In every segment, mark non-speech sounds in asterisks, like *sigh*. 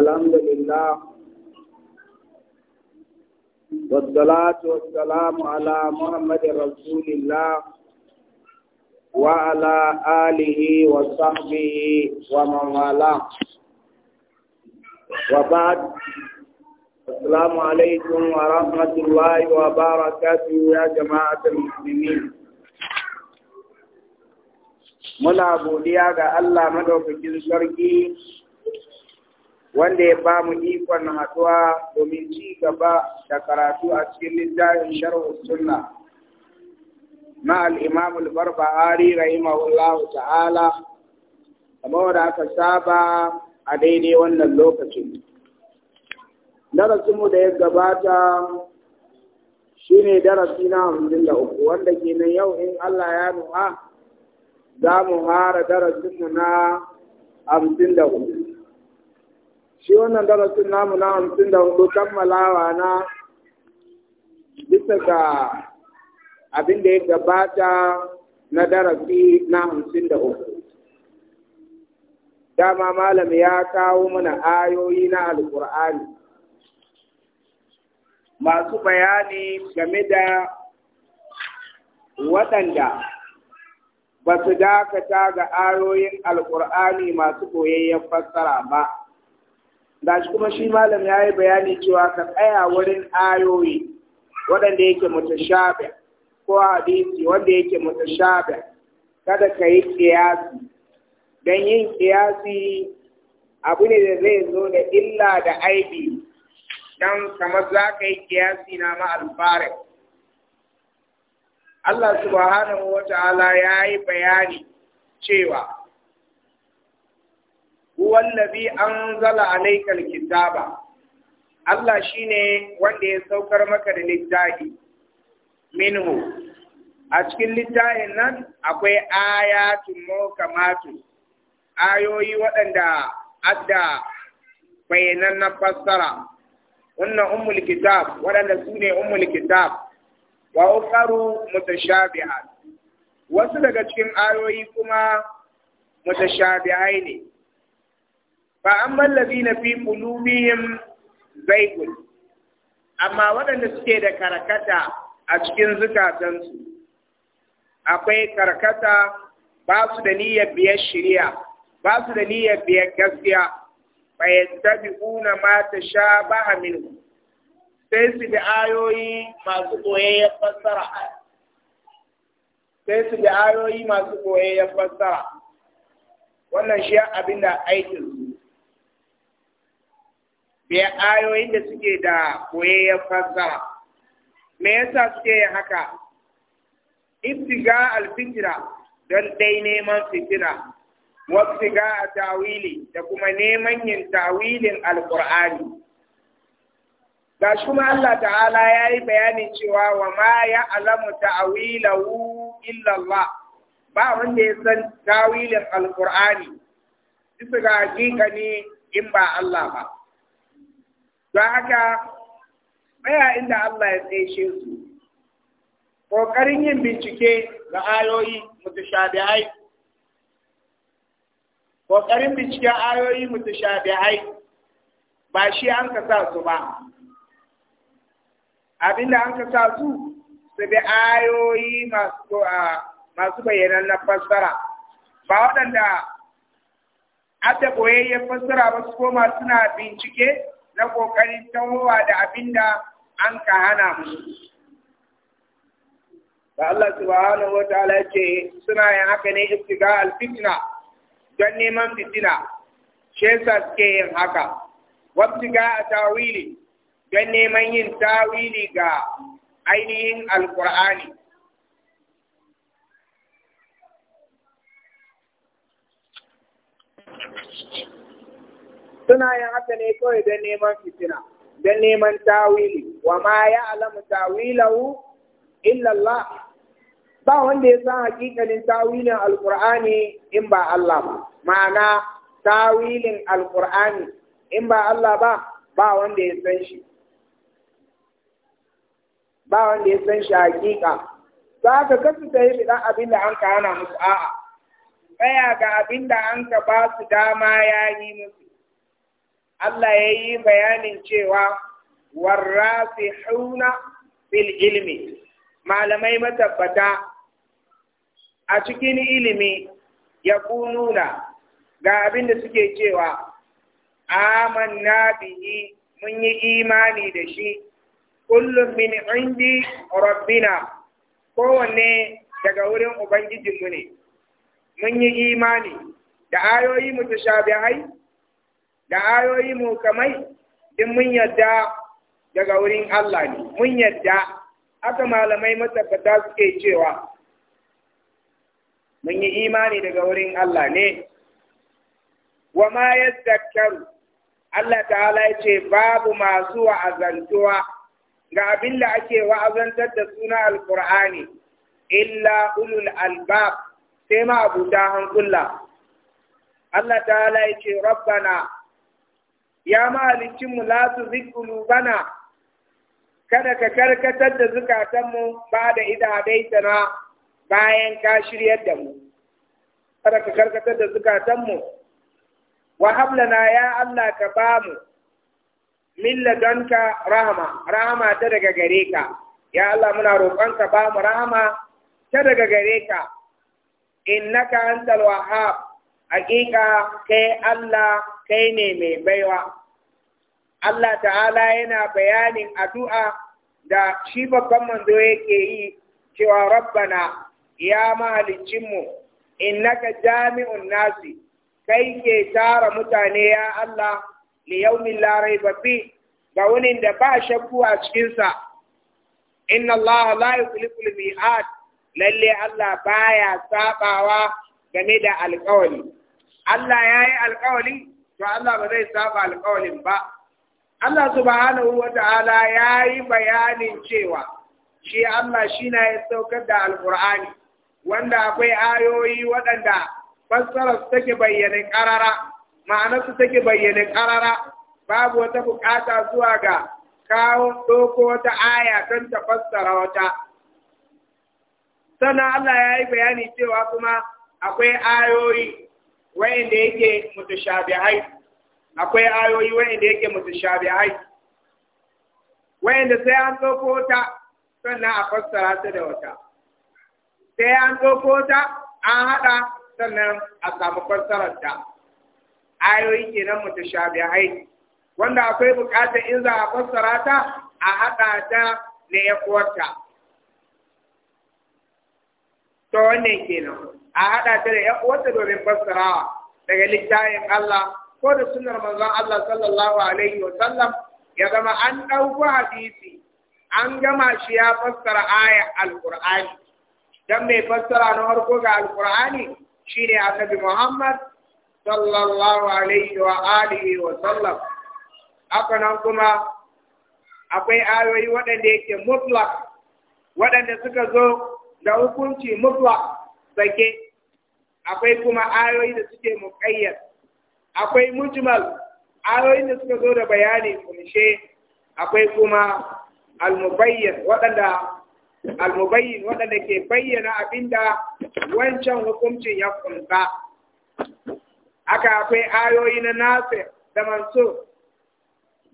الحمد لله والصلاة والسلام على محمد رسول الله وعلى آله وصحبه ومن والاه وبعد السلام عليكم ورحمة الله وبركاته يا جماعة المسلمين muna godiya مدعو في madaukakin sarki wanda ya ba mu ikon haɗuwa domin ci gaba da karatu a cikin littafin sharhu sunna na al-imam al-barbahari rahimahullahu ta'ala kamar da aka saba a daidai wannan lokacin darasinmu da ya gabata shine darasi na hamsin da uku wanda kenan yau in Allah ya nuha za mu hara darasinmu na hamsin da uku shi wannan darasin namu na hamsin da hudu kammalawa na bisa ga abin da ya gabata na darasi na hamsin da hudu dama malam ya kawo mana ayoyi na alkur'ani masu bayani game da waɗanda ba su dakata ga ayoyin Alƙur'ani masu koyayyen fassara ba shi kuma shi malam ya yi bayani cewa ka tsaya wurin ayoyi waɗanda yake mutashabi ko hadisi wanda yake mutashabi kada ka yi kiyasi don yin kiyasi abu ne da zai zo da illa da aibi don kamar za ka yi kiyasi na ma'alfarin Allah subhanahu wa ta'ala ya yi bayani cewa huwa an anzala alayka alkitaba Allah shine wanda ya saukar maka da littafi minhu a cikin littafin nan akwai ayatun muhkamatu ayoyi waɗanda adda bayanan na fassara wannan ummul kitab waɗanda su ne ummul kitab wa ukaru mutashabihat wasu daga cikin ayoyi kuma mutashabihai ne fa amman ladina fi qulubihim zaygun amma waɗanda suke da karkata a cikin zukatansu akwai karkata ba su da niyyar biyar shari'a ba su da niyyar biyar gaskiya fa yattabi'una ma tashabaha minhu sai su da ayoyi masu koyayyen fassara sai su da ayoyi masu koyayyen fassara wannan shi abinda da aikin su biya ayoyin da suke da koyayyar fassara me yasa suke haka ibtiga alfitira don dai neman fitira wa a tawili da kuma neman yin tawilin alqur'ani ga kuma Allah ta'ala ya yi bayanin cewa wa ma ya alamu ta'awilahu illallah ba wanda ya san tawilin alqur'ani bisa ga hakika ne in ba Allah ba don haka maya inda Allah ya tsaye su ƙoƙarin yin bincike ga ayoyi mutashabihai ƙoƙarin binciken ayoyi mutashabihai ba shi an ka sa su ba abinda an ka sa su su bi ayoyi masu bayanan na fassara ba waɗanda adda boyayyen fassara ba su koma suna bincike na ƙoƙarin tawowa da abin da an ka hana mu. Da Allah subhanahu wa ta'ala ce suna yin haka ne iftiga alfitna don neman fitina, shi yasa suke yin haka. Wabtiga a tawili don neman yin tawili ga ainihin alkur'ani. Thank you. suna yin haka ne kawai don neman fitina don neman tawili wa ma ya alamu tawilahu illallah ba wanda ya san hakikalin tawilin alkur'ani in ba Allah ba ma'ana tawilin alkur'ani in ba Allah ba ba wanda ya san shi ba wanda ya san shi hakika za ka kasu ta yi fiɗan abin da an ka hana musu a'a tsaya ga abin da an ka ba su dama ya yi musu Allah ya yi bayanin cewa warrafi hauna fil ilmi malamai matabbata a cikin ilimi ya kununa ga abin da suke cewa amanna bihi mun yi imani da shi kullum min indi rabbina kowanne daga wurin ubangijinmu ne mun yi imani da ayoyi mutashabihai da ayoyi mu kamai din mun yadda daga wurin Allah ne mun yadda haka malamai matabbata suke cewa mun yi imani daga wurin Allah ne wa ma yadhakkaru Allah ta'ala ya ce babu masu wa'azantuwa ga abin da ake wa'azantar da suna alkur'ani illa ulul albab sai ma abuta hankula Allah ta'ala ya ce rabbana ya mahalicin mu la tu bana kada ka karkatar da zukatanmu ba da idadaitana bayan ka shiryar da mu kada ka karkatar da zukatanmu wa hablana ya Allah ka ba mu min ladonka rahama rahama ta daga gare ka ya Allah muna ka ba mu rahama ta daga gare ka innaka antal wahhab hakika kai Allah kai ne mai baiwa. Allah ta'ala yana bayanin addu'a da shi babban manzo yake yi cewa rabbana ya mahalicinmu innaka jami'un nasi kai ke tara mutane ya Allah li larai la raiba ga wani da ba shakku a cikinsa inna Allah la yukhliqul mi'ad lalle Allah baya sabawa game da alƙawali Allah ya yi alƙawali to Allah ba zai saba alƙawalin ba Allah subhanahu wa ta'ala ya yi bayanin cewa shi Allah shi na ya saukar da alƙur'ani wanda akwai ayoyi waɗanda fassarar su take bayyane ƙarara su take bayyane ƙarara babu wata buƙata zuwa ga kawo ɗoko wata aya don ta fassara wata sannan Allah ya yi bayani cewa kuma akwai ayoyi wa'inda yake mutashabihai akwai ayoyi wa'inda yake mutashabihai wa'inda sai an ɗauko ta sannan a fassara ta da wata sai an ɗauko ta an haɗa sannan a samu fassarar ta ayoyi kenan mutashabihai wanda akwai bukatar in za a fassara ta a haɗa ta na ya kuwarta. To wannan kenan. a haɗa ta da ‘yan uwanta domin fassara daga littafin Allah ko da sunar manzon Allah sallallahu alaihi wa sallam ya zama an ɗauko hadisi an gama shi ya fassara aya alƙur'ani dan mai fassara na harko ga alƙur'ani shine annabi Muhammad sallallahu alaihi wa alihi wa sallam haka kuma akwai ayoyi waɗanda yake mutlak waɗanda suka zo da hukunci mutlak sake akwai kuma ayoyi da suke muƙayyar, akwai mujmal ayoyi da suka zo da bayani kunshe akwai kuma almubayyan waɗanda al-mubayyin waɗanda ke bayyana abinda wancan hukuncin ya kunta aka akwai ayoyi na nasir da mansur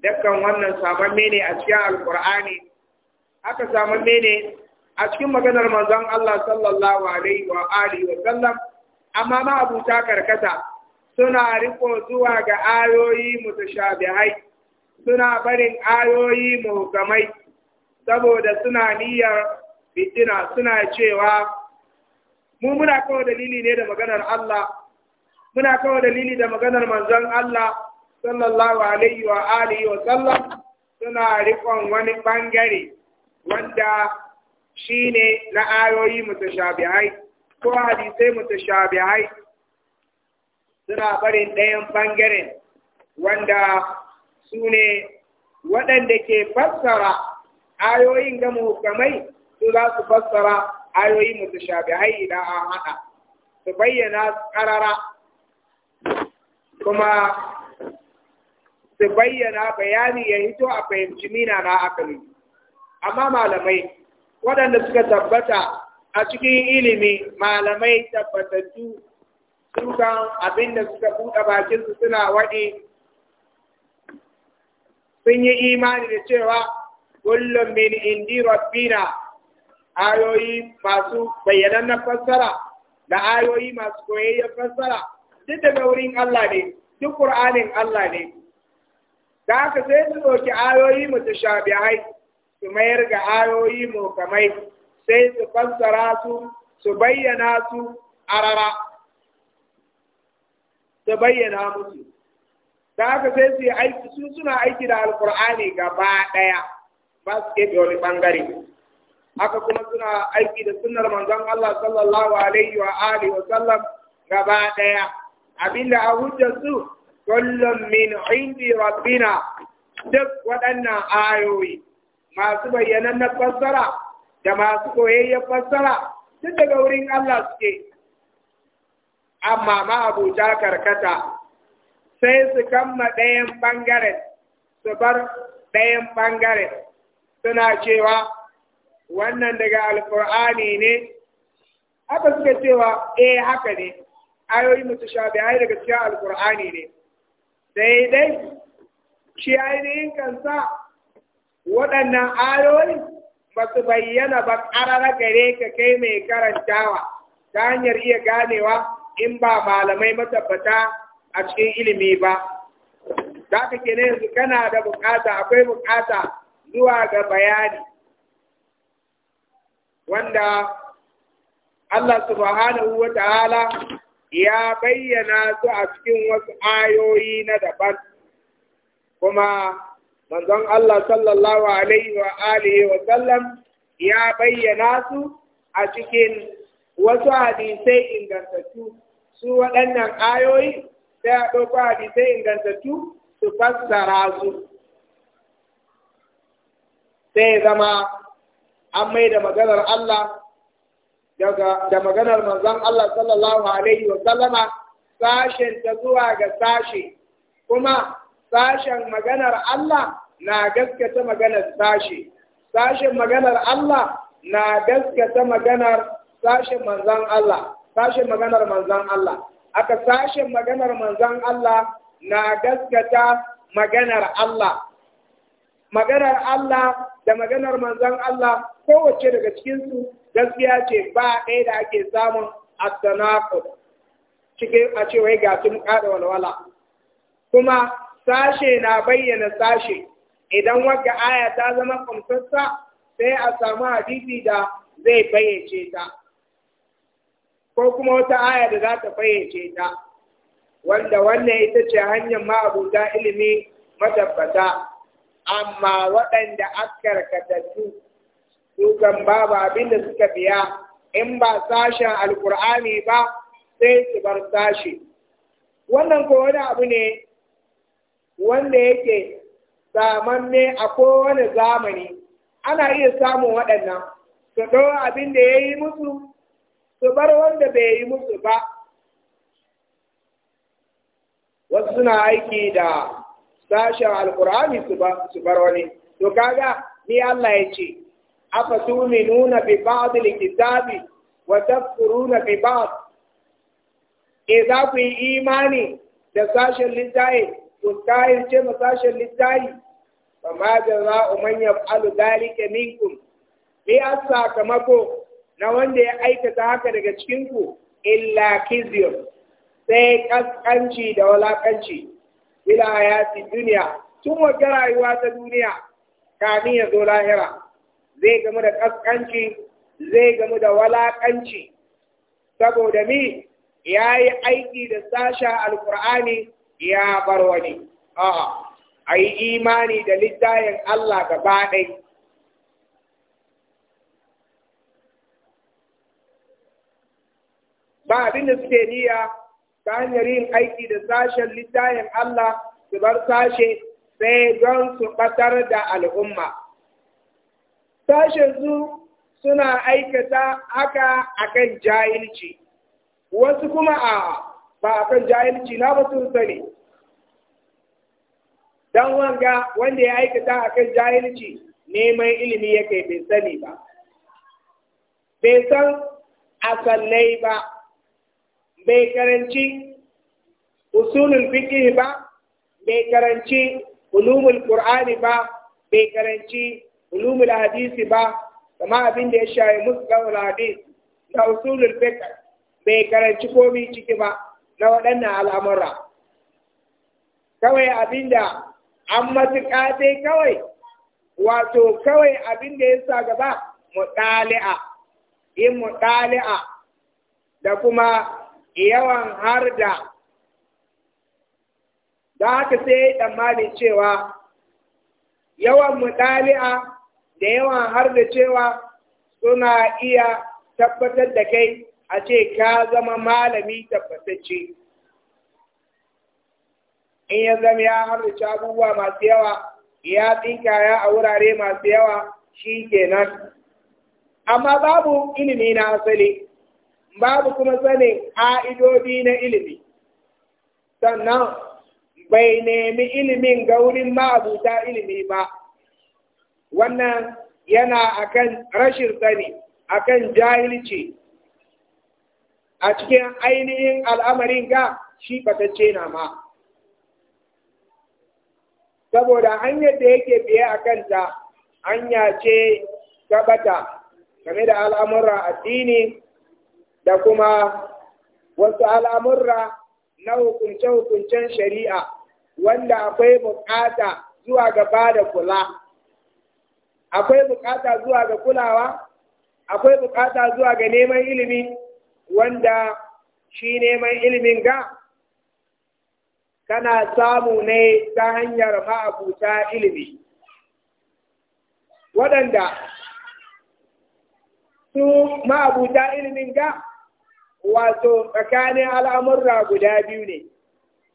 dukkan wannan samamme ne a cikin alkur'ani aka samamme ne a cikin maganar manzon Allah sallallahu alaihi wa alihi wa sallam amma ma abuta karkata suna riko zuwa ga ayoyi mutashabihai suna barin ayoyi muhkamai saboda suna niyyar fitina suna cewa mu muna kawo dalili ne da maganar Allah muna kawo dalili da maganar manzon Allah sallallahu alaihi wa alihi wa sallam suna rikon wani bangare wanda shine na ayoyi mutashabihai ko hadisai mutashabihai suna barin ɗayan bangaren wanda su ne waɗanda ke fassara ayoyin ga muhukamai su za su fassara ayoyin mutashabihai idan an haɗa su bayyana ƙarara kuma su bayyana bayani ya hito a fahimci mina na akali amma malamai waɗanda suka tabbata a cikin ilimi malamai tabbatattu sun san abin da suka buɗe bakinsu suna waɗi sun yi imani da cewa kullum min indi rabbina ayoyi masu bayyanannen fassara da ayoyi masu koyayyen fassara duk daga wurin Allah ne duk Qur'anin Allah ne da haka sai su ɗauki ayoyi mutashabihai su mayar ga ayoyi mukamai sai su fassara su su bayyana su arara su bayyana musu da haka sai su yi aiki su suna aiki da alkur'ani gaba ɗaya ba su keɓe wani ɓangare haka kuma suna aiki da sunnar manzon Allah sallallahu alaihi wa alihi wa sallam gaba ɗaya abinda a hujjar su kullum min indi rabbina duk waɗannan ayoyi masu bayyanan na fassara da masu koyayyen fassara tun daga wurin Allah suke amma ma abuja karkata sai su kama ɗayan ɓangaren su bar ɗayan ɓangaren suna cewa wannan daga alfur'ani ne haka suka cewa eh haka ne ayoyi mutashabihai daga cikin alkur'ani ne sai dai shi ainihin kansa waɗannan ayoyi ba su bayyana ba ƙarara gare ka kai mai karantawa ta hanyar iya ganewa in ba malamai matabbata a cikin ilimi ba. Za ka kene yanzu kana da bukata akwai bukata zuwa ga bayani wanda Allah subhanahu wa ta'ala ya bayyana su a cikin wasu ayoyi na daban kuma manzon Allah sallallahu alaihi wa alihi wa sallam ya bayyana su a cikin wasu hadisai ingantattu su waɗannan ayoyi sai a ɗauko hadisai ingantattu su fassara su sai zama an mai da maganar Allah da maganar manzon Allah sallallahu alaihi wa sallama sashen ta zuwa ga sashe kuma sashen maganar Allah na gaskata maganar sashe sashen maganar Allah na gaskata maganar sashen manzan Allah sashen maganar manzan Allah aka sashen maganar manzan Allah na gaskata maganar Allah maganar Allah da maganar manzan Allah kowace daga cikinsu gaskiya ce ba ɗaya da ake samun a tanaqud cike a cewa ga tun kada walwala kuma sashe na bayyana sashe idan wata aya ta zama kamsassa sai a samu hadisi da zai fayyace ta ko kuma wata aya da za ta fayyace ta wanda wannan ita ce hanyar ma'abuta ilimi matabbata amma waɗanda akarkatattu su kan babu abin da suka biya in ba sashen alkur'ani ba sai su bar sashi wannan ko wani abu ne wanda yake Zaman ne a kowane zamani ana iya samun waɗannan su ɗau abin da ya yi musu su bar wanda bai yi musu ba wasu suna aiki da sashen alkur'ani su bar wani to kaga ni Allah ya ce afa nuna bi ba'd al-kitabi wa tafkuruna bi ba'd idza eh, za ku yi imani da sashen littafi ku kayirce masashen littahi fa ma jaza'u man yaf'alu dhalika minkum bi sakamako na wanda ya aikata haka daga cikin ku illa kizyun sai kaskanci da walakanci ila hayati duniya tun wata rayuwa ta duniya kamin ya zo lahira zai gamu da kaskanci zai gamu da walakanci saboda ni ya yi aiki da sasha alkur'ani ya bar wani a'a a yi imani da littayin Allah gaba ɗai ba abin da suke niyya ta hanyar yin aiki da sashen littayin Allah su bar sashe sai don su ɓatar da al'umma sashen su suna aikata haka akan jahilci wasu kuma a ba kan jahilci na ba sun sani dan wanga wanda ya aikata akan jahilci neman ilimi ya kai bai sani ba bai san asalai ba bai karanci usulul fiqh ba bai karanci ulumul qur'ani ba bai karanci ulumul hadisi ba kama abin da ya musu musqal hadisi da usulul fiqh bai karanci komai ciki ba na waɗannan al'amura. Kawai abin da an matuƙa dai kawai, wato kawai abin da ya sa gaba muɗali'a, in muɗali'a da kuma yawan har da. Da haka sai tsammanin cewa yawan muɗali'a da yawan har da cewa suna iya tabbatar da kai a ce ka zama malami tabbatacce in ya zama ya harrace abubuwa masu yawa ya tsinkaya a wurare masu yawa shi kenan amma babu ilimi na asali babu kuma sanin ƙa'idodi na ilimi sannan bai nemi ilimin ga wurin ma'abuta ilimi ba wannan yana akan rashin sani akan jahilci a cikin ainihin al'amarin ga shi batacce na ma saboda hanyar da yake biye a kanta hanya ce ta ɓata, game da al'amurra addini da kuma wasu al'amurra na hukunce-hukuncen shari'a wanda akwai bukata zuwa ga bada kula akwai bukata zuwa ga kulawa akwai bukata zuwa ga neman ilimi wanda shi neman ilimin ga kana samu ne ta hanyar ma'abuta ilimi waɗanda su ma'abuta ilimin ga wato tsakanin al'amurra guda biyu ne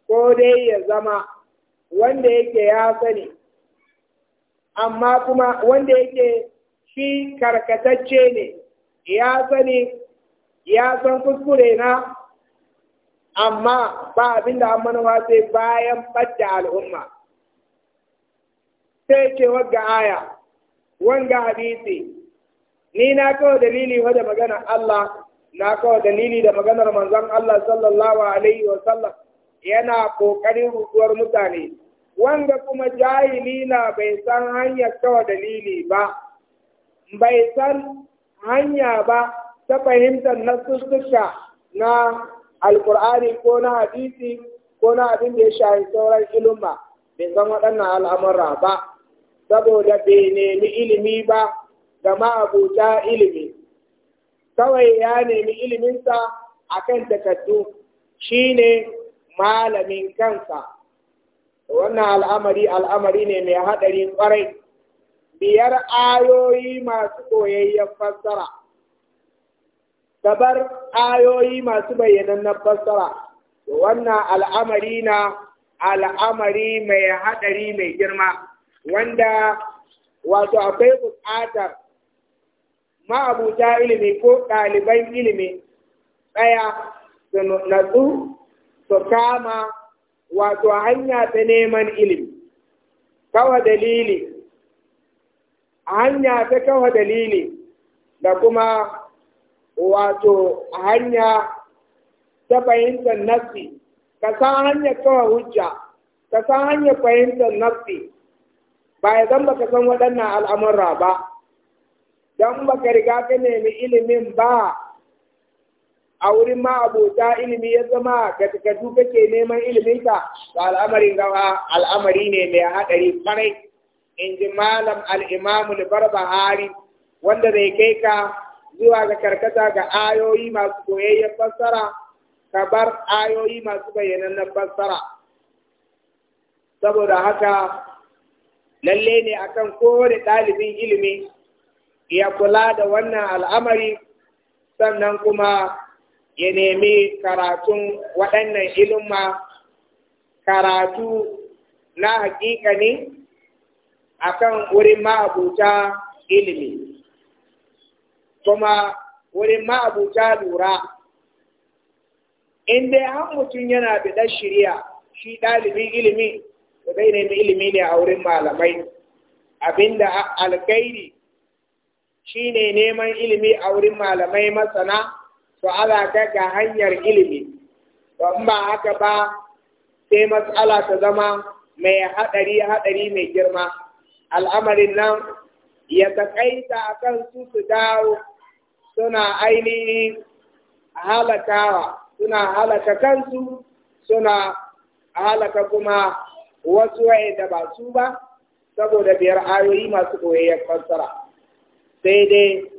ko dai ya zama wanda yake ya sani amma kuma wanda yake shi karkatacce ne ya sani ya san kuskure na amma ba abin da manuwa sai bayan ɓadda al'umma sai ce wagga aya wanga hadisi ni na kawo dalili wajen magana Allah na kawo dalili da maganar manzon Allah sallallahu alaihi wa sallam yana kokarin rutuwar mutane wanda kuma jahili na bai san hanyar kawo dalili ba bai san hanya ba ta fahimtar nasussuka na alkur'ani ko na hadisi ko na abin da ya shayi sauran ilima bai san waɗannan al'amura ba saboda bai nemi ilimi ba ga ma'abuta ilimi kawai ya nemi iliminsa a kan takardu shi ne malamin kansa wannan al'amari al'amari ne mai haɗari ƙwarai biyar ayoyi masu koyayyen fassara ta bar ayoyi masu bayyanan na fassara wannan al'amari na al'amari mai haɗari mai girma wanda wato akwai buƙatar ma'abuta ilimi ko ɗaliban ilimi ɗaya su natsu su kama wato hanya ta neman ilimi kawa dalili hanya ta kawa dalili da kuma wato hanya ta fahimtar nafi ka san hanyar kawa hujja ka san hanyar fahimtar nafi ba ya zan baka san waɗannan al'amurra ba don baka riga ka nemi ilimin ba a wurin ma abota ilimi ya zama ga tukatu kake neman ilimin ka ba al'amarin gawa al'amari ne mai haɗari farai. in ji malam al'imamu hari wanda zai kai ka zuwa ga karkata ga ayoyi masu koyayyen fassara ka bar ayoyi masu bayyanannen fassara saboda haka lalle ne akan kowane ɗalibin ilimi ya kula da wannan al'amari sannan kuma ya nemi karatun waɗannan ilimma karatu na hakika ne akan wurin ma'abuta ilimi kuma wurin ma'abuta lura in dai an mutum yana biɗar shirya shi ɗalibin ilimi da zai nemi ilimi ne a wurin malamai abinda Alkairi shi ne neman ilimi a wurin malamai masana su alaka ga hanyar ilimi ba ba haka ba sai matsala ta zama mai haɗari haɗari mai girma al'amarin nan ya taƙaita a kan su su dawo suna ainihin halakawa suna halaka kansu suna halaka kuma wasu da ba su ba saboda biyar ayoyi masu koyayyar fassara sai dai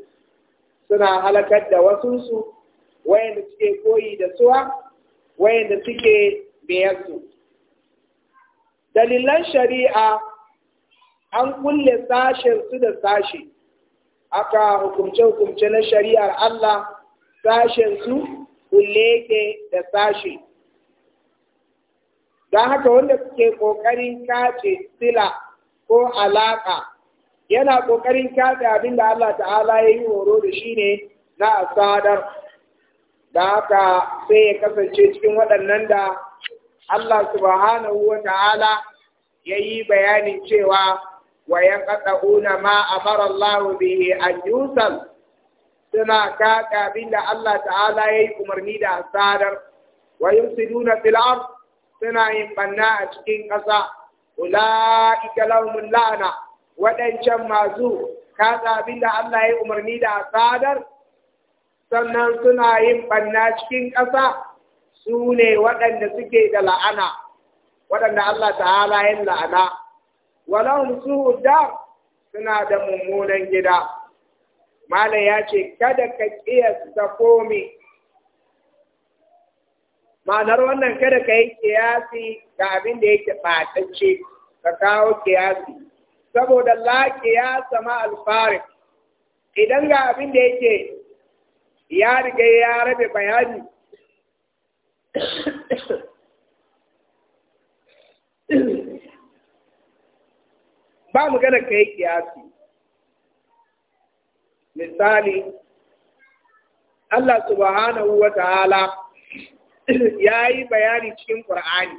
suna halakar da wasunsu da suke koyi da suwa da suke biyar su. dalilan shari'a an kulle sashen su da sashen aka hukumce-hukumce na shari'ar Allah sashen sashensu kulleke da sashe. Da haka wanda suke ƙoƙarin kace sila ko alaƙa yana ƙoƙarin kace abin da Allah ta'ala ya yi horo da shi ne na asadar. Da haka sai ya kasance cikin waɗannan da Allah subhanahu wa ta'ala ya yi bayanin cewa Wayan yanqata'una ma amara Allah bihi an yusal suna kaka da Allah ta'ala yayi umarni da asadar. wa yufsiduna fil ard suna yin ɓanna a cikin ƙasa ulaika lahumul la'na waɗancan masu kaka abinda Allah yayi umarni da asadar sannan suna yin banna cikin ƙasa su ne waɗanda suke da la'ana waɗanda Allah ta'ala yin la'ana walahum su'ud dar suna da mummunan gida malam ya ce kada ka kiyasta komi ma'anar wannan kada ka yi kiyasi ga abin da yake ɓatacce ka kawo kiyasi saboda la kiyasa ma alfarin idan ga abin da yake ya riga ya rabe bayani ba magana ka yi kiyasi misali Allah subhanahu wa ta'ala ya yi bayani cikin Qur'ani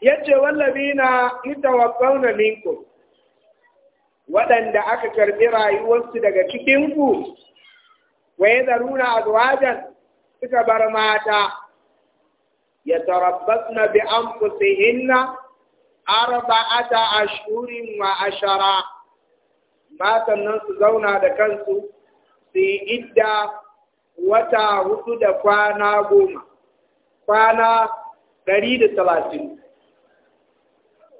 yace wallabina yatawaffawna minkum waɗanda aka karɓi rayuwarsu daga cikinku waye da runa azwajan suka bar mata ya na bi anfusihinna arba'ata ashhurin wa ashara matan nan su zauna da kansu su yi idda wata hudu da kwana goma kwana dari da talatin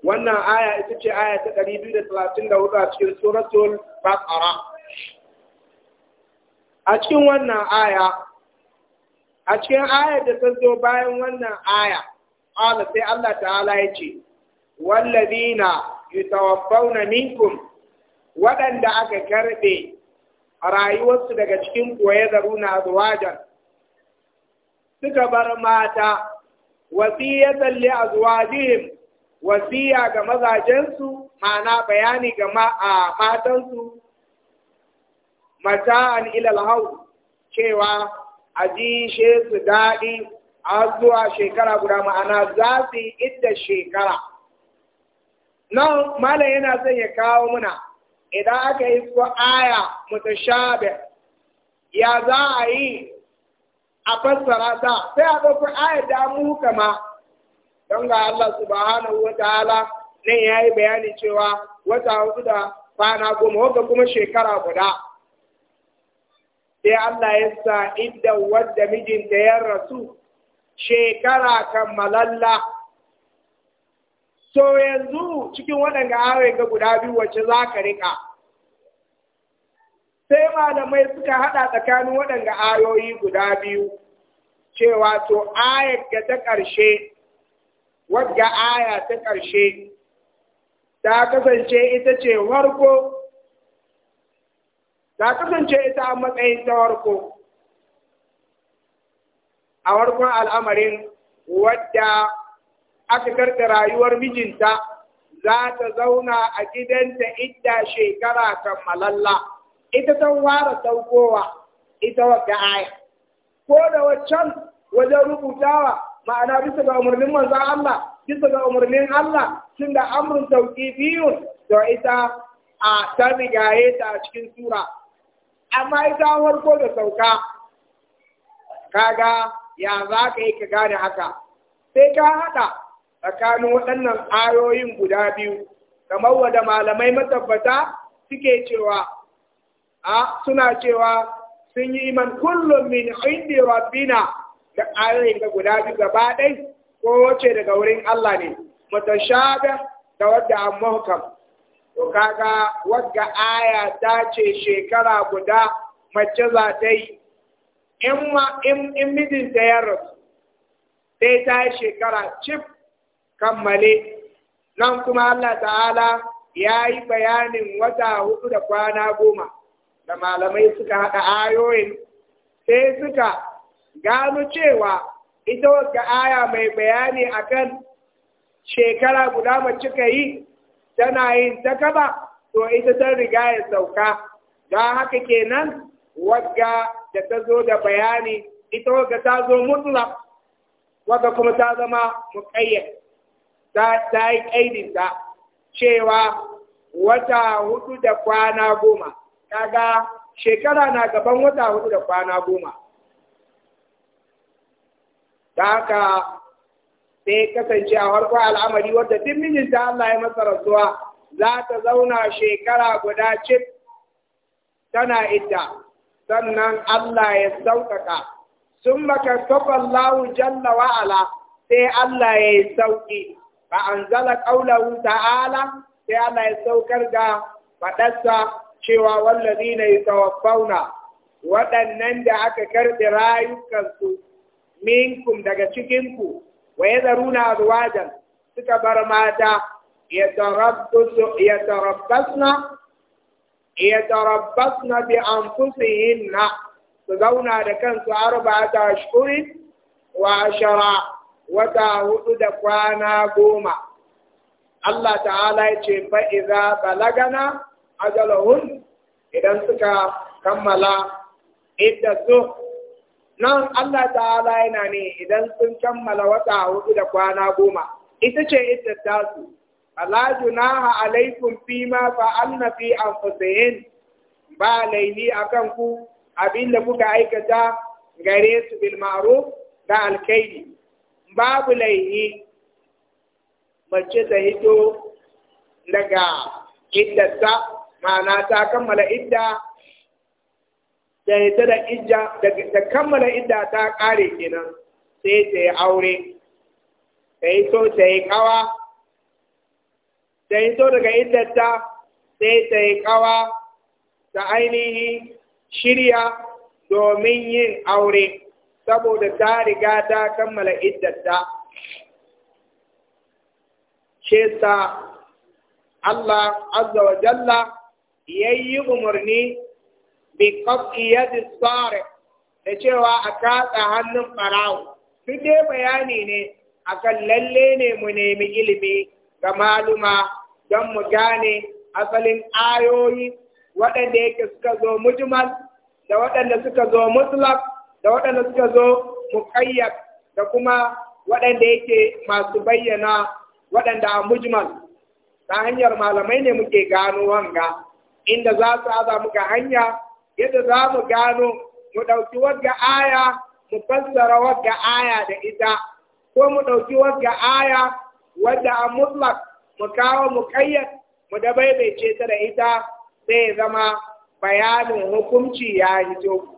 wannan aya ita ce aya ta ɗari biyu da talatin da hudu a cikin suratul baqara a cikin wannan aya a cikin aya da ta zo bayan wannan aya ala sai Allah ta'ala ya ce wallazina na minkum waɗanda aka karɓe rayuwarsu daga cikin koye zaruna azwajan suka bar mata wasiyatan li azwajihim wasiya ga mazajensu mana bayani ga matansu mata'an ilal hau cewa a jishe su daɗi a zuwa shekara guda ma'ana za su yi idda shekara nan malam yana son ya kawo muna idan aka yi su aya mutashabi ya za a yi a fassara ta sai a ɗauki ayar da mu kama don ga Allah subhanahu wa ta'ala nan ya yi bayani cewa wata hudu da kwana goma wata kuma shekara guda sai Allah ya sa idda wadda mijinta ya rasu shekara kammalalla so yanzu cikin waɗanda ayoyin ga guda biyu wacce za ka riƙa sai malamai suka haɗa tsakanin waɗanda ayoyi guda biyu cewa to ayar ga ta ƙarshe wadda aya ta ƙarshe ta kasance ita ce warko ta kasance ita a matsayin ta warko a warkon al'amarin wadda aka karta rayuwar mijinta za ta zauna a gidanta idda shekara kammalalla ita ta ware saukowa ita wata aya ko da waccan wajen rubutawa ma'ana bisa ga umarnin manzo Allah bisa ga umarnin Allah tun da amrun sauki biyu to ita a ta rigaye ta a cikin sura amma ita farko da sauka kaga ya za ka yi ka gane haka sai ka haɗa tsakanin waɗannan ayoyin guda biyu kamar wadda malamai matabbata suke cewa a suna cewa sun yi iman kullum min indi rabbina da ayoyin ga guda biyu gaba ɗai ko wace daga wurin Allah ne mutashabi da wadda an mahukam to kaga wadda aya ta ce shekara guda mace za ta yi in mijinta ya rasu sai ta yi shekara cif kammale nan kuma Allah ta'ala ya yi bayanin wata hudu da kwana goma da malamai suka haɗa ayoyin sai suka gano cewa ita wata aya mai bayani akan shekara guda mace ka yi tana yin ta kaba to ita ta riga ya sauka don haka kenan wagga da ta zo da bayani ita wagga ta zo mutlaq wagga kuma ta zama muqayyad ta yi ƙaidinta cewa wata hudu da kwana goma, kaga shekara na gaban wata hudu da kwana goma. Ta haka kasance a harko al'amari wadda duk mijinta Allah ya masa rasuwa za ta zauna shekara guda cif tana idda, sannan Allah ya sauƙaƙa. Sun maka kafa Allahu jalla wa'ala sai Allah ya yi sauƙi. fa anzala qawluhu ta'ala sai Allah ya saukar da faɗarsa cewa wallazina yatawaffauna waɗannan da aka karɓi rayukansu minkum daga cikinku wa yadharuna azwajan suka bar mata yatarabbasna yatarabbasna bi anfusihinna su zauna da kansu arba'ata ashhurin wa ashara wata hudu da kwana goma Allah ta'ala ya ce fa'iza balagana ajalahun idan suka kammala idda su nan Allah ta'ala yana ne idan sun kammala wata hudu da kwana goma ita ce idda su. ala na alaikum fima fa'alna fi anfusihin ba laihi akan ku abinda kuka aikata gare su bil ma'ruf da alkhairi babu laihi mace ta hito daga iddata ma'ana ta kammala idda ta hita da ijja da kammala idda ta kare kenan sai ta yi aure ta hito ta yi kawa ta hito daga iddata sai ta yi kawa ta ainihi shirya domin yin aure saboda ta riga ta kammala iddata ce sa Allah azza wa jalla yayi umarni bi qat'i yadi sari da cewa a katsa hannun ɓarawo. duk dai bayani ne akan lalle ne mu nemi ilimi ga maluma don mu gane asalin ayoyi waɗanda yake suka zo mujmal da waɗanda suka zo mutlaq da waɗanda suka zo muƙayyad da kuma waɗanda yake masu bayyana waɗanda a mujmal ta hanyar malamai ne muke gano wanga inda za su haza muka hanya yadda za mu gano mu ɗauki wadda aya mu fassara wadda aya da ita ko mu ɗauki wadda aya wadda a mutlak mu kawo mu kayyad mu da baibaice ta da ita sai zama bayanin hukunci ya yi hito.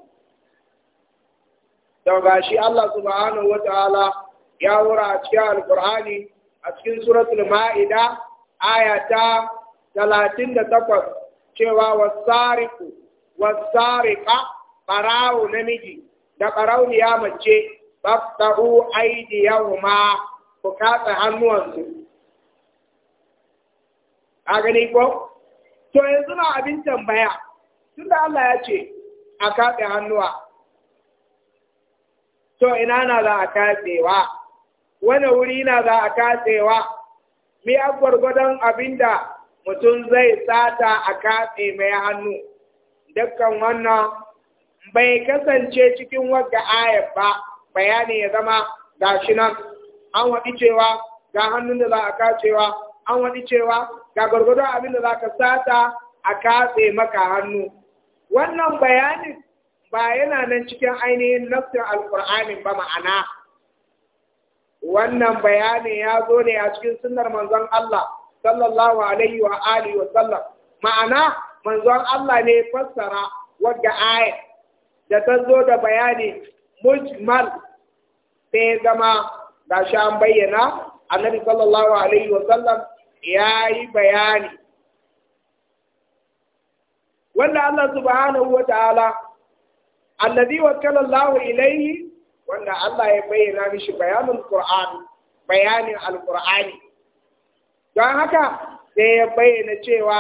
da shi Allah subhanahu wa ta'ala ya wura a cikin alkur'ani a cikin suratul ma'ida aya ta 38 cewa wasariku wasariqa barawo namiji da ya mace faftahu aydiyahuma ku katsa hannuwansu a gani ko to yanzu na abin tambaya tun da Allah ya ce a katsa hannuwa to ina na za a katsewa wani wuri na za a katsewa mi a gwargwadon abin da mutum zai sata a katse mai hannu dukkan wannan bai kasance cikin wadda ayar ba bayani ya zama shi nan an waɗi cewa ga hannun da za a kacewa an waɗi cewa ga gwargwadon abin da za ka sata a katse maka hannu wannan bayanin ba yana nan cikin ainihin nafsin alƙur'anin ba ma'ana wannan bayanin ya zo ne a cikin sunnar manzon Allah sallallahu alaihi wa alihi wa sallam ma'ana manzon Allah ne fassara wadda aya da ta zo da bayani mujmal sai zama da shi an bayyana annabi sallallahu alaihi wa sallam ya yi bayani wanda Allah subhanahu wa ta'ala alladhi wakkala Allahu ilayhi wanda Allah ya bayyana mishi bayanin Qur'an bayanin Al-Qur'ani don haka sai ya bayyana cewa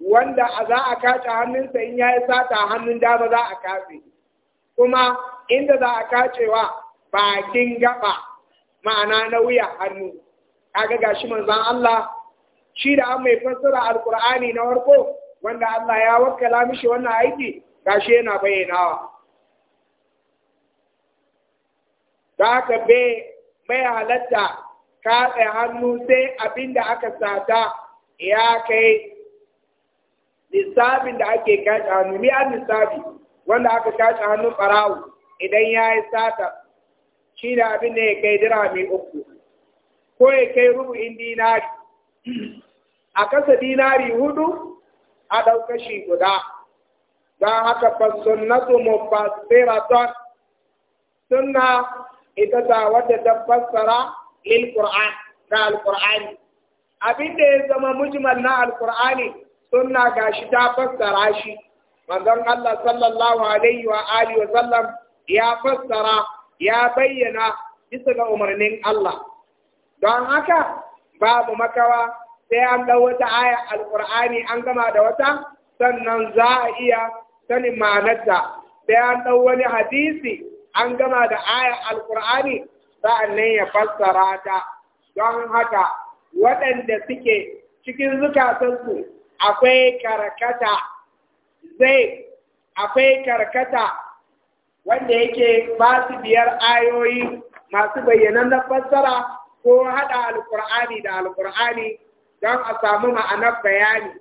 wanda za a kace hannunsa in ya yi sata hannun dama za a kace kuma inda za a kacewa bakin gaba ma'ana na wuya hannu kaga gashi manzon Allah shi da an mai fassara alqur'ani na warko wanda Allah ya wakkala mishi wannan aiki gashi yana bayyanawa da be mai halatta katse hannu sai abin da aka sata ya kai lissafin da ake kashe hannu ni an lissafi wanda aka kashe hannun farawo idan ya yi sata shi da abin da ya kai mai uku ko ya kai rubu'in dinari a kasa dinari hudu a ɗaukashi guda don haka fasunnatu mufassiratan sunna ita ta wadda ta fassara lil qur'an da abin da ya zama mujmal na alqur'ani sunna gashi ta fassara shi manzon Allah sallallahu alaihi wa alihi wa sallam ya fassara ya bayyana bisa ga umarnin Allah don haka babu makawa sai an dau wata aya alƙur'ani an gama da wata sannan za a iya sanin ma'anarta sai an ɗau wani hadisi an gama da ayar alkur'ani sa'annan ya fassara ta don haka waɗanda suke cikin zukatansu akwai karkata zai akwai karkata wanda yake ba su biyar ayoyi masu na fassara ko haɗa alkur'ani da alkur'ani don a samu ma'anar bayani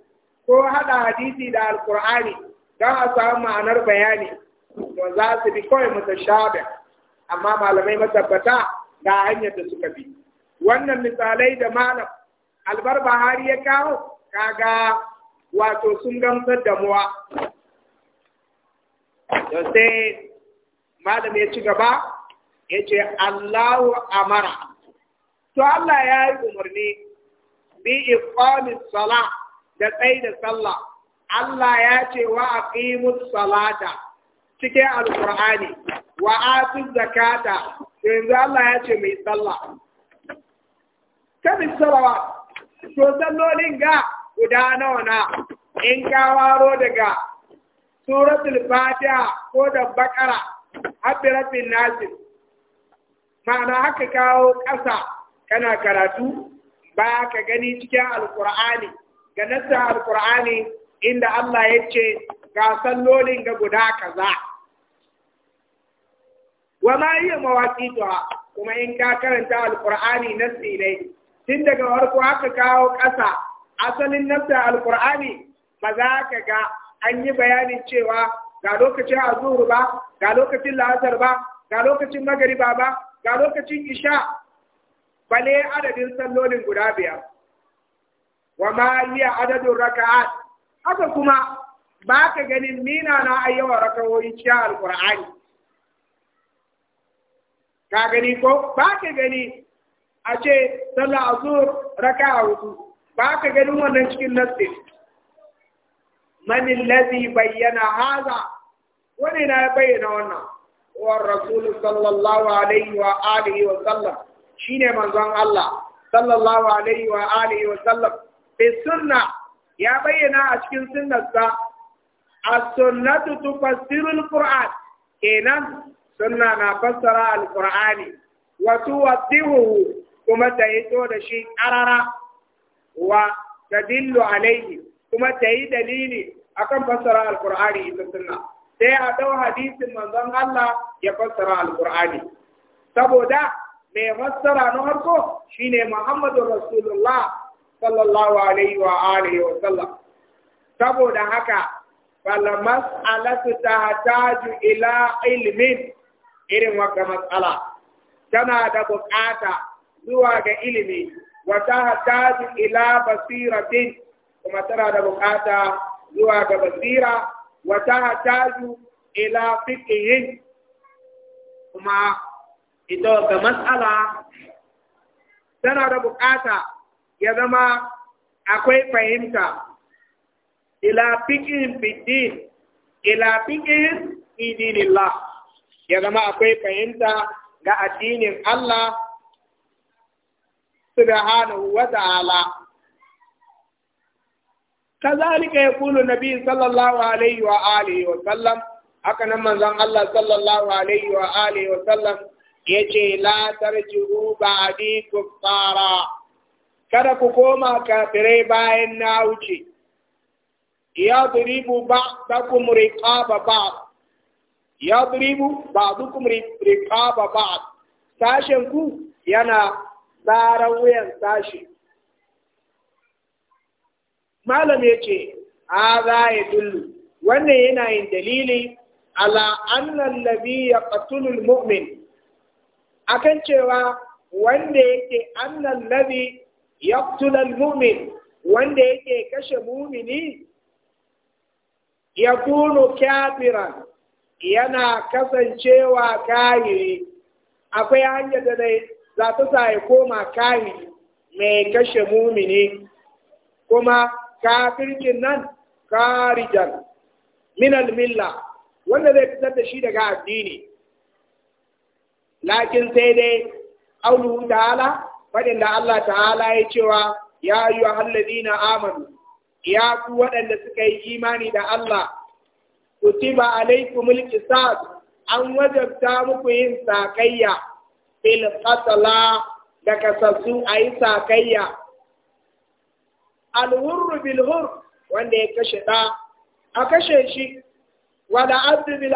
ko haɗa hadisi da alkur'ani da a samu ma'anar bayani to za su bi kawai mutashabih amma malamai matabbata ga hanyar da suka bi wannan misalai da malam albar bahari ya kawo kaga wato sun gamsar da muwa da sai malam ya ci gaba ya ce Allahu amara to Allah ya yi umarni bi iqamis sala da tsaida sallah Allah ya ce wa aqimus salata cikin alqur'ani wa atuz zakata yanzu Allah ya ce mai sallah kamis salawa to sallolin ga guda nawa na in ka waro daga suratul fatiha ko da bakara habbi rafin nasir ma'ana haka kawo ƙasa kana karatu ba ka gani cikin alkur'ani ga nasa alkur'ani inda Allah ya ce ga sallolin ga guda kaza wa ma hiya mawaqituha kuma in ka karanta alqur'ani na ne tun daga farko aka kawo ƙasa asalin nasa alqur'ani ba za ka ga an yi bayanin cewa ga lokacin azuru ba ga lokacin la'asar ba ga lokacin magariba ba ga lokacin isha bale adadin sallolin guda biyar wa ma iya adadin raka'at haka kuma ba ka ganin mina na ayyawa rakawoyi cikin alkur'ani ka gani ko ba ka gani a ce sallah azur raka hudu ba ka ganin wannan cikin nassi man allazi bayyana haza wani na bayyana wannan wa rasul sallallahu alaihi wa alihi wa sallam shine manzon Allah sallallahu alaihi wa alihi wa sallam bi sunnah ya bayyana a cikin sunnarsa as-sunnatu tufassiru al-qur'an kenan sunna na fassara al-qur'ani wa tuwaddihu kuma ta hito da shi qarara wa tadillu alaihi kuma ta yi dalili akan fassara al-qur'ani ita sunna sai a dau hadisin manzon Allah ya fassara al-qur'ani saboda mai fassara na harko shine Muhammadu Rasulullah sallallahu alaihi wa alihi wa sallam saboda haka fal mas'alatu tahtaju ila ilmin irin wannan matsala tana da bukata zuwa ga ilimi wa tahtaju ila basiratin kuma tana da bukata zuwa ga basira wa tahtaju ila fiqhin kuma ita ga matsala tana da bukata ya zama akwai fahimta ila fikin fitin ila fikin idinillah ya zama akwai fahimta ga addinin Allah subhanahu wa ta'ala kazalika ya kulu nabi sallallahu alaihi wa alihi wa sallam haka nan manzon Allah sallallahu alaihi wa alihi wa sallam yace la tarjuu ba'di kuffara kada ku koma kafirai bayan na wuce ya duribu ba ta kuma riƙaba ba ya duribu ba da kuma riƙaba ba sashen ku yana tsaron wuyan sashi malam ya ce a za ya dullu wannan yana yin dalili ala annan labi ya ƙatulul mu'min akan cewa wanda yake annan labi yaktula mumin wanda yake kashe mumini ya kunu kafiran yana kasancewa kahiri akwai hanyar da dai za ta sa ya koma kahiri mai kashe mumini kuma kafircin nan karijan Minal milla wanda zai fitar da shi daga addini lakin sai dai aulu ta'ala Waɗanda da Allah ta'ala ya cewa ya yi ayu na amanu ya ku waɗanda suka yi imani da Allah Ku ba kutiba mulki sa'ad. an wajabta muku yin sakayya fil qatla da kasassu ayi sakayya alhurru bil hur wanda ya kashe ɗa, a kashe shi wala abdu bil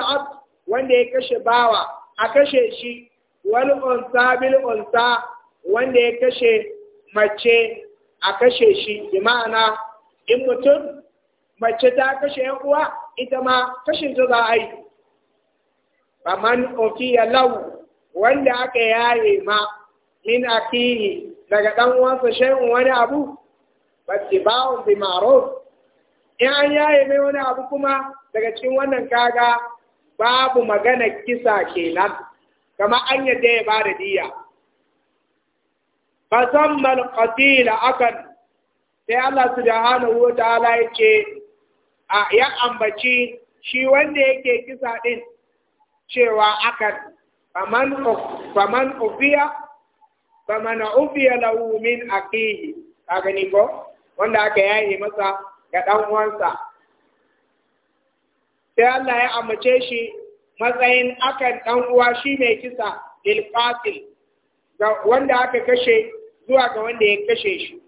wanda ya kashe bawa a kashe shi wal unsa bil unsa wanda ya kashe mace a kashe shi bi ma'ana in mutum mace ta kashe yan uwa ita ma kashin ta za a yi faman ofiya lau wanda aka yaye ma min akihi daga dan uwansa shay'un wani abu fattiba'un bi maro in an yaye mai wani abu kuma daga cikin wannan kaga babu magana kisa kenan kamar an yadda ya bada diya fasammal qatila akan, sai Allah subhanahu wa ta'ala yake a ya ambaci shi wanda yake kisa din cewa akan faman faman ufiya faman ufiya lahu min aqihi kaga ni ko wanda aka yayi masa ga dan uwansa sai Allah ya ambace shi matsayin akan dan uwa shi mai kisa lil qatil ga wanda aka kashe zuwa ga wanda ya kashe shi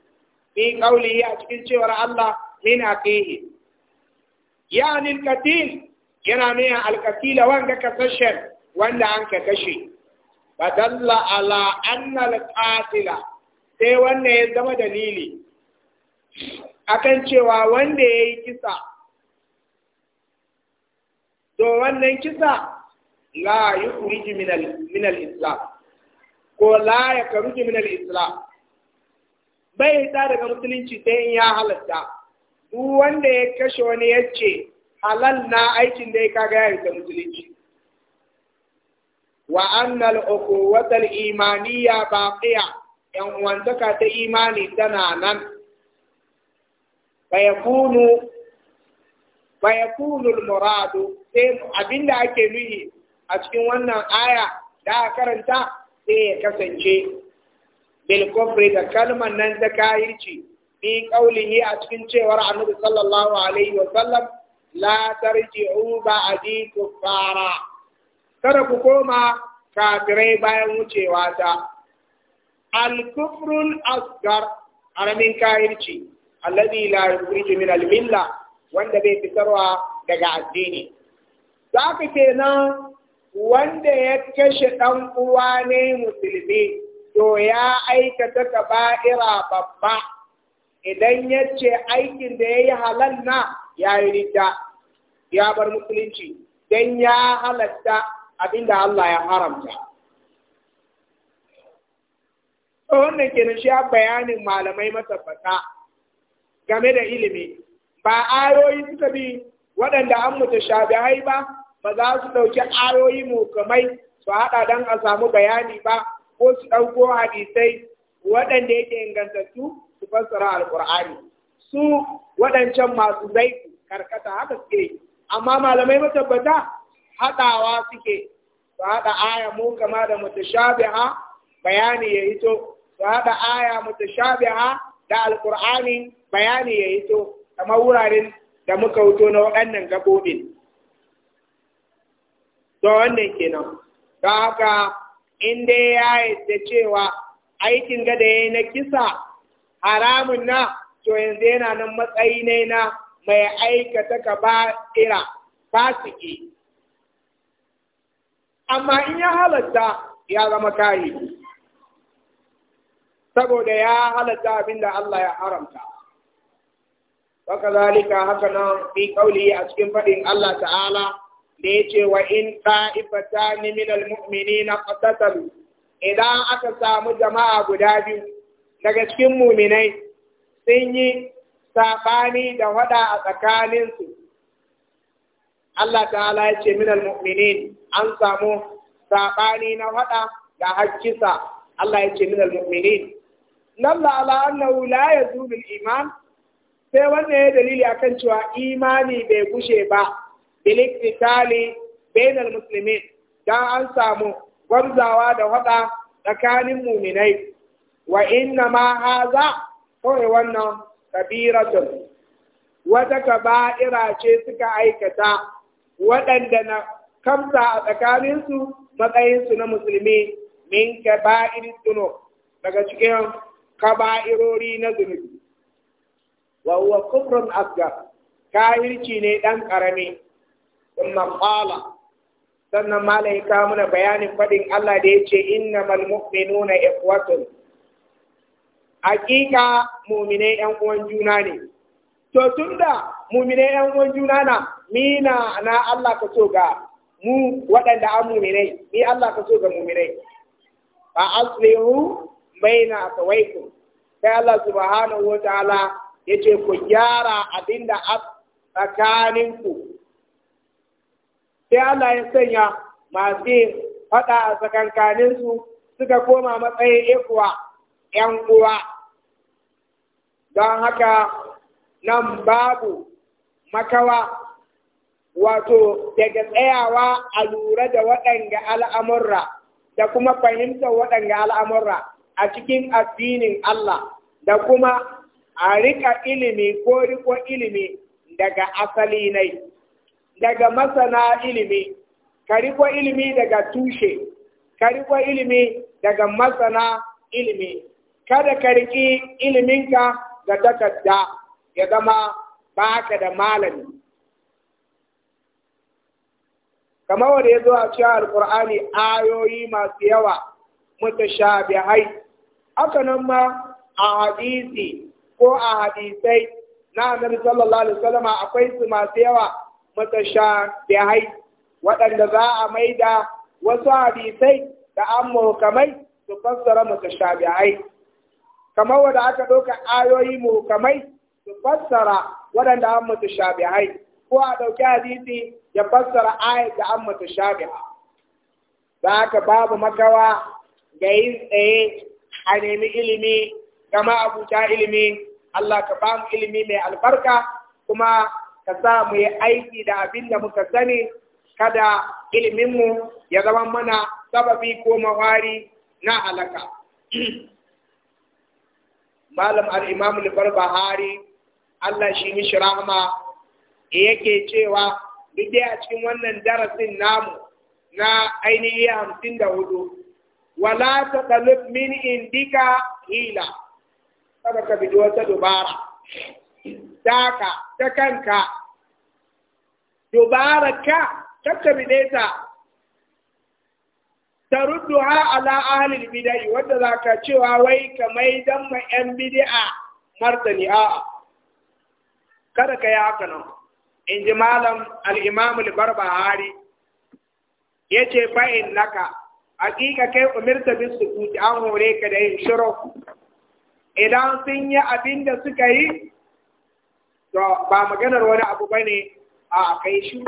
bi qawlihi a cikin cewar Allah min aqihi yani al yana mai al-qatila wanda kasashen wanda an ka kashe badalla ala anna qatila sai wanda ya zama dalili akan cewa wanda ya yi kisa to wannan kisa la yukhrij min al-islam ko la ya karu min al-islam bai hita daga musulunci ta in ya halatta duk wanda ya kashe wani ya ce halal na aikin da ya kaga ya musulunci wa annal ukhuwata al-imaniyya baqiya yan uwantaka ta imani tana nan fayakunu fayakunu al-muradu sai abinda ake nuhi a cikin wannan aya da karanta ne ya kasance bil da kalmar nan ta kayirci fi qaulihi a cikin cewar annabi sallallahu alaihi wa sallam la tarji'u ba'di kuffara kada ku koma kafirai bayan wucewa ta al-kufrul asgar aramin kayirci alladhi la yukhriju min al-milla wanda bai fitarwa daga addini zaka nan. wanda ya kashe ɗan uwa ne musulmi to ya aikata kaba'ira babba idan ya ce aikin da ya yi halal na ya yi rita ya bar musulunci don ya halatta abinda Allah ya haramta. wannan kenan shi bayanin malamai matabbata game da ilimi ba ayoyi suka bi waɗanda an mutu shabi ba ba za su ɗauki ayoyi mukamai su haɗa don a samu bayani ba ko su ɗauko hadisai waɗanda yake ingantattu su fassara alƙur'ani su waɗancan masu zai karkata haka suke amma malamai matabbata haɗawa suke su haɗa aya mukama da mutashabiha bayani ya hito su haɗa aya mutashabiha da alƙur'ani bayani ya hito kamar wuraren da muka wuto na waɗannan gabobin. to wannan kenan ta haka in dai ya yadda cewa aikin gada ya na kisa haramun na to yanzu yana nan matsayi ne na mai aikata ka ba ira fasiki amma in ya halatta ya zama kayi saboda ya halatta abinda Allah ya haramta haka nan fi في a cikin faɗin Allah Ta'ala? da ya ce wa in ta'ifata ni min almu'mini na qatatalu idan aka samu jama'a guda biyu daga cikin muminai sun yi saɓani da waɗa a tsakaninsu Allah ta'ala ya ce min mu’mini an samu saɓani na waɗa ga hakkisa Allah ya ce min almu'minin lalla ala annahu la zubin iman sai wannan ya dalili akan cewa imani bai gushe ba Itali, bainal muslimin dan an samu gwamzawa da haɗa tsakanin muminai wa inna ma haza kawai wannan kabiratun wata kaba'ira ce suka aikata waɗanda na kamsa a tsakaninsu matsayinsu na musulmi min kaba'ir tuno daga cikin kaba'irori na zunubi wa huwa kufrun asgar kahirci ne ɗan ƙarami thumma qala sannan malai muna bayanin fadin Allah da yace innamal mu'minuna ikwatun, hakika mu'minai yan uwan juna ne to tunda mu'minai yan uwan juna na mina na Allah ka so ga mu waɗanda an mu'minai ni Allah ka so ga mu'minai fa aslihu baina akawaikum sai Allah subhanahu wa ta'ala yace ku gyara abinda a tsakaninku sai Allah ya sanya masu faɗa a tsakankaninsu suka koma matsayin ikuwa ‘yan uwa don haka nan babu makawa wato daga tsayawa a lura da waɗanga al'amurra da kuma fahimtar waɗanga al'amurra a cikin addinin Allah da kuma a riƙa ilimi ko riko ilimi daga asali nai. daga masana ilimi ka ilimi daga tushe ka ilimi daga masana ilimi kada ka riƙi iliminka da takarda ya zama baka da malami kamar wanda ya zo a cikin alkur'ani ayoyi masu yawa mutashabihai haka nan ma a hadisi ko a hadisai na annabi sallallahu alaihi wasallam akwai su masu yawa mutashabihai waɗanda za a maida wasu hadisai da an muhukamai su fassara mutashabihai kamar wanda aka ɗauka ayoyi muhukamai su fassara waɗanda an mutashabihai ko a ɗauki hadisi ya fassara ayat da an mutashabiha da ka babu makawa ga yin tsaye a nemi ilimi gama abuta ilimi Allah ka ba mu ilimi mai albarka kuma ka sa mu yi aiki da abin da muka sani kada iliminmu ya zama mana sababi ko mawari na halaka. *clears throat* Malam al'imam al Allah shi mishi rahama, yake cewa duk a cikin wannan darasin namu na ainihi hamsin da hudu, wala ta ɗalib min indika hila, kada ka bi wata dubara, daka ta kanka dubaraka kakkabi ta ha ala ahlil bidai wanda zaka cewa wai ka dan mai yan bid'a martani a kada ka yi haka nan in ji malam al-imam al-barbahari yace fa innaka hakika kai umirta su sukuti an hore ka da yin shiru idan sun yi abin da suka yi to ba maganar wani abu bane a kai shi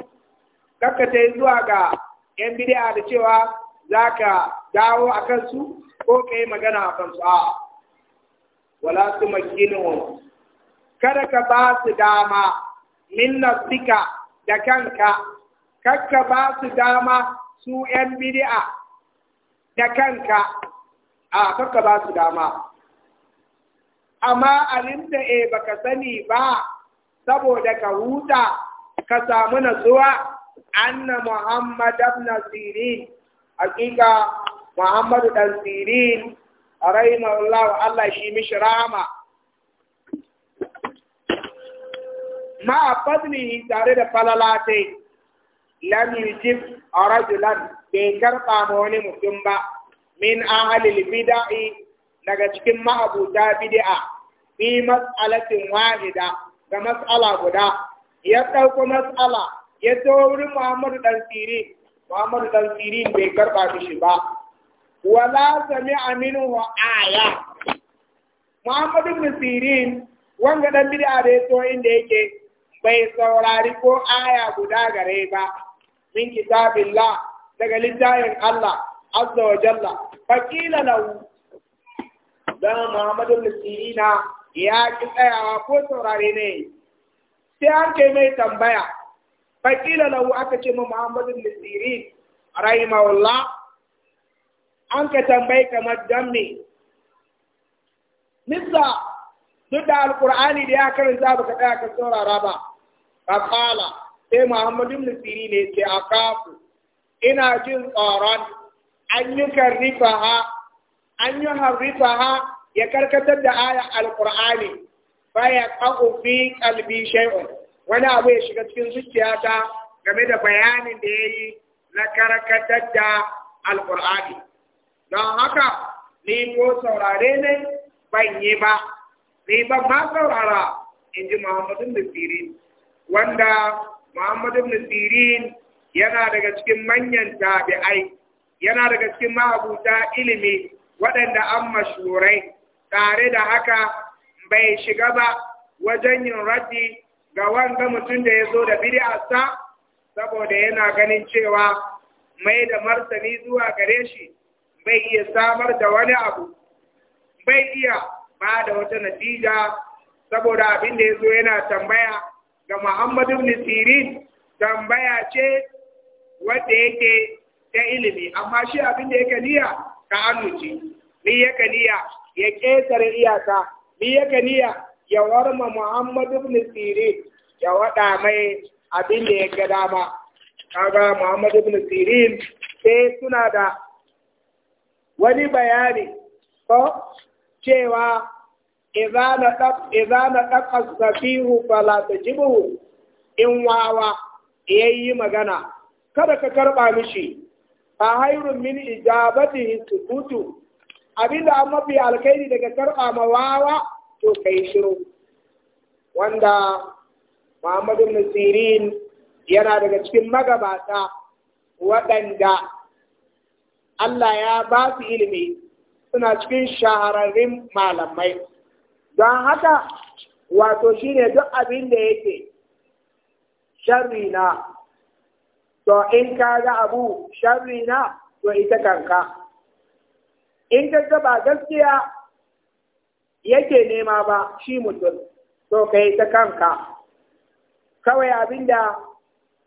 kaka ta yi zuwa ga yan bidiya da cewa za ka dawo a kansu ko ka yi magana a kansu a wala su makinuhun kada ka ba su dama min nasika da kanka kakka ba su dama su yan bidi'a da kanka a kakka ba su dama amma alinta e eh, baka sani ba saboda ka huta ka samu natsuwa anna Muhammad ibn Sirin hakika Muhammad dan Sirin rahimahullah Allah shi mishi rahama ma fadlihi tare da falalatai lam yujib rajulan bai karɓa ma wani mutum ba min ahalil bida'i daga cikin ma'abuta bid'a fi mas'alatin wahida ga mas'ala guda ya ɗauko matsala ya zo wurin Muhammadu dan Sirin Muhammadu dan Sirin bai karɓa shi ba wala aminu wa aya Muhammadu bin Sirin wanga dan bid'a da yato inda yake bai saurari ko aya guda gare ba min kitabillah daga littafin Allah azza wa jalla faqila lahu da Muhammadu bin na ya ki tsayawa ko saurare ne sai an kai mai tambaya fakila lahu aka ce ma muhammadu lisiri rahimahullah an ka tambayi kamar don me nisa duk da alkur'ani da ya karanta ba ka tsaya ka saurara ba kala sai muhammadu nasiri ne ce a kafu ina jin tsoron an yi karrifa ha an yi ha ya karkatar da aya alkur'ani baya qagu fi ƙalbi shay'un wani abu ya shiga cikin zuciyata game da bayanin da yayi na karkatar da alqur'ani don haka ni ko saurare ne ban yi ba ni ba ma saurara in ji Muhammadu nasirin wanda Muhammadu nasirin yana daga cikin manyan tabi'ai yana daga cikin ma'abuta ilimi waɗanda an mashurai tare da haka bai shiga ba wajen yin raddi ga wanga mutum da ya zo da bid'arsa saboda yana ganin cewa mai da martani zuwa gare shi bai iya samar da wani abu bai iya ba da wata natija saboda abin da ya zo yana tambaya ga Muhammadu ibn Sirin tambaya ce wadda yake ta ilimi amma shi abin da yake niyya ka annuci ni yake niyya ya ƙetare iyaka mi ya ganiya ya warma Muhammadu ibn Sirin ya waɗa mai abin da ya gada dama kaga Muhammadu ibn Sirin sai suna da wani bayani ko cewa idza na dab idza na dab fala tajibu in wawa yayi magana kada ka karba mishi fa hayrun min ijabatihi sukutu abin da an mafi alkhairi daga karɓa wawa to kai shiru wanda Muhammadu Nasirin yana daga cikin magabata waɗanda Allah ya ba su ilimi suna cikin shahararrun malamai don haka wato shi ne duk abin da yake sharri na to in ka ga abu sharri na to ita kanka in ka ba gaskiya yake nema ba shi mutum to kai ta kanka kawai abinda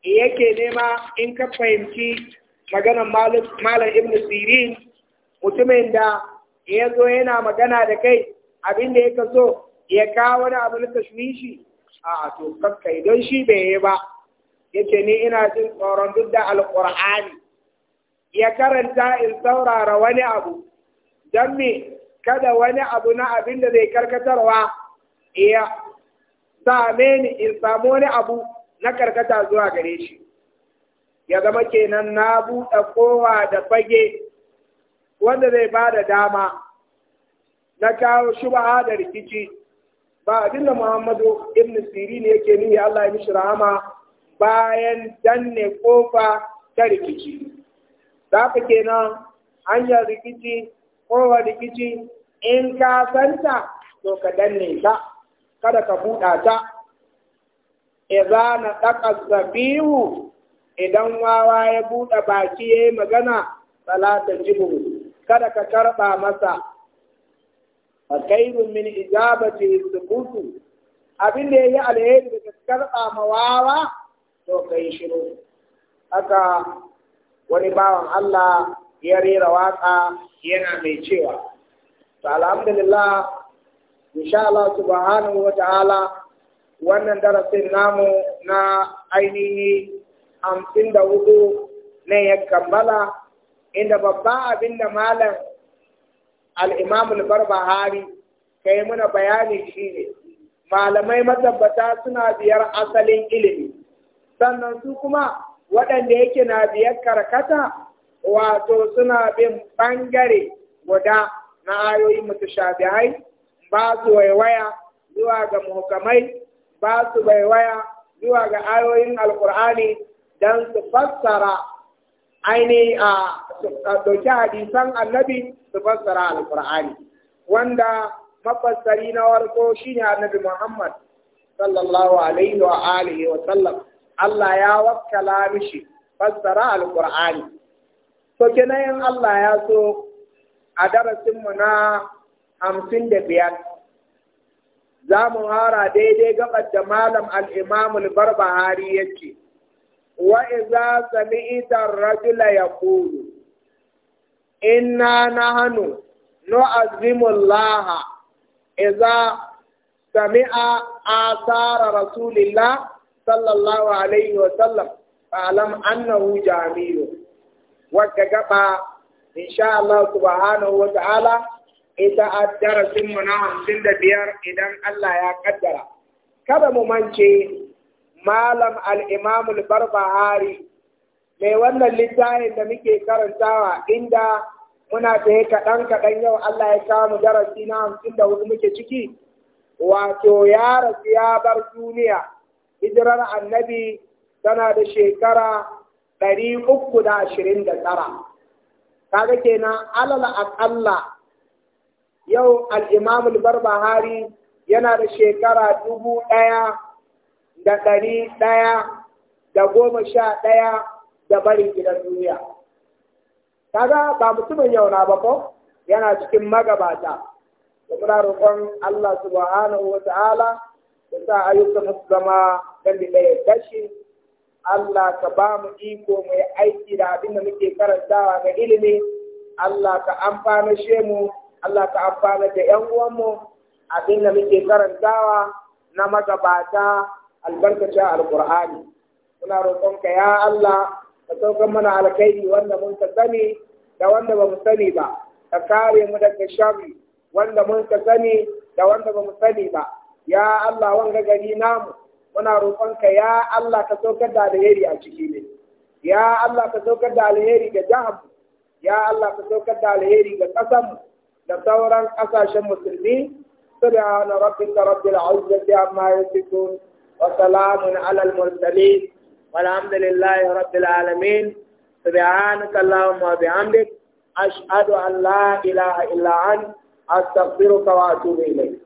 yake nema in ka fahimci maganar malam ibn sirin mutumin da ya zo yana magana da kai abinda ya so ya kawo wani abu na tashwishi a to kakkai don shi bai yi ba yake ni ina jin tsoron duk da alƙur'ani ya karanta in saurara wani abu Dan me kada wani abu na abin da zai karkatarwa iya same ni in samu wani abu na karkata zuwa gare shi ya zama kenan na buɗe kowa da fage wanda zai ba da dama na kawo ba da rikici ba abinda muhammadu ibn siri ne yake nuni allah ya mishi rahama bayan danne kofa ta rikici za ka kenan hanyar rikici ko rikici in ka santa to ka danne ta kada ka buɗa ta idza na daqa zabihu idan wawa ya buɗe baki yayi magana salatan jibu kada ka karɓa masa fa kayru min ijabati sukutu abin da yayi alheri da karɓa ma wawa to kai shiru haka wani bawan Allah ya rera waka yana mai cewa to alhamdulillah insha Allah subhanahu wa wannan darasin namu na ainihi hamsin da hudu ne ya kammala inda babban abin da malam al'imamul barbahari ka yi muna bayani shi ne malamai matabbata suna biyar asalin ilimi sannan su kuma waɗanda yake na biyar karkata wato suna bin ɓangare guda na ayoyi shafi'ai, ba su waiwaya zuwa ga muhukamai ba su waiwaya zuwa ga ayoyin alkur'ani don su fassara aini a ɗauki hadisan annabi su fassara alkur'ani wanda mafassari na warko shine annabi muhammad sallallahu alaihi wa alihi wa sallam Allah ya wakkala mishi fassara alkur'ani so kenan in Allah ya so a mu na hamsin da biyar za mu hara daidai gabar da malam al'imamul barbahari ya ce, wa iza sami'itar rajula ya kuru, inna na hannu nu'azzimullaha iza sami'a asara rasulillah sallallahu alaihi wa sallam, alam annahu jami'u. wadda gaba insha Allah subhanahu wa ta'ala ita a darasin mu na hamsin da biyar idan Allah ya kaddara kada mu mance malam al-imam al-barbahari mai wannan littafin da muke karantawa inda muna yi kaɗan kaɗan yau Allah ya kawo mu darasi na hamsin da hudu muke ciki wato ya rasu ya bar duniya hijirar annabi tana da shekara ɗari uku da ashirin da tara kaga kenan alal aƙalla yau al'imam barbahari yana da shekara dubu ɗaya da ɗari ɗaya da goma sha ɗaya da barin gidan duniya kaga ba mutumin yau na ba ko yana cikin magabata da muna roƙon Allah subhanahu wa ta'ala ya sa ayyukan su zama ɗan da ya tashi Allah ka ba mu iko mai aiki da abin da muke karantawa ga ilimi Allah ka amfana she mu Allah ka amfana da ƴan uwanmu abin da muke karantawa na magabata albarkacin alkur'ani muna roƙonka ya Allah ka sauka mana alkhairi wanda mun ka sani da wanda ba mu sani ba ka kare mu daga shari wanda mun ka sani da wanda ba mu sani ba ya Allah wanga gari namu muna roƙonka ya Allah ka saukar da alheri a ciki ne ya Allah ka saukar da alheri ga jahar ya Allah ka saukar da alheri ga ƙasar da sauran ƙasashen musulmi سبحان ربك رب العزة عما يصفون وسلام على المرسلين والحمد لله رب العالمين سبحانك اللهم وبحمدك أشهد أن لا إله إلا أنت أستغفرك وأتوب إليك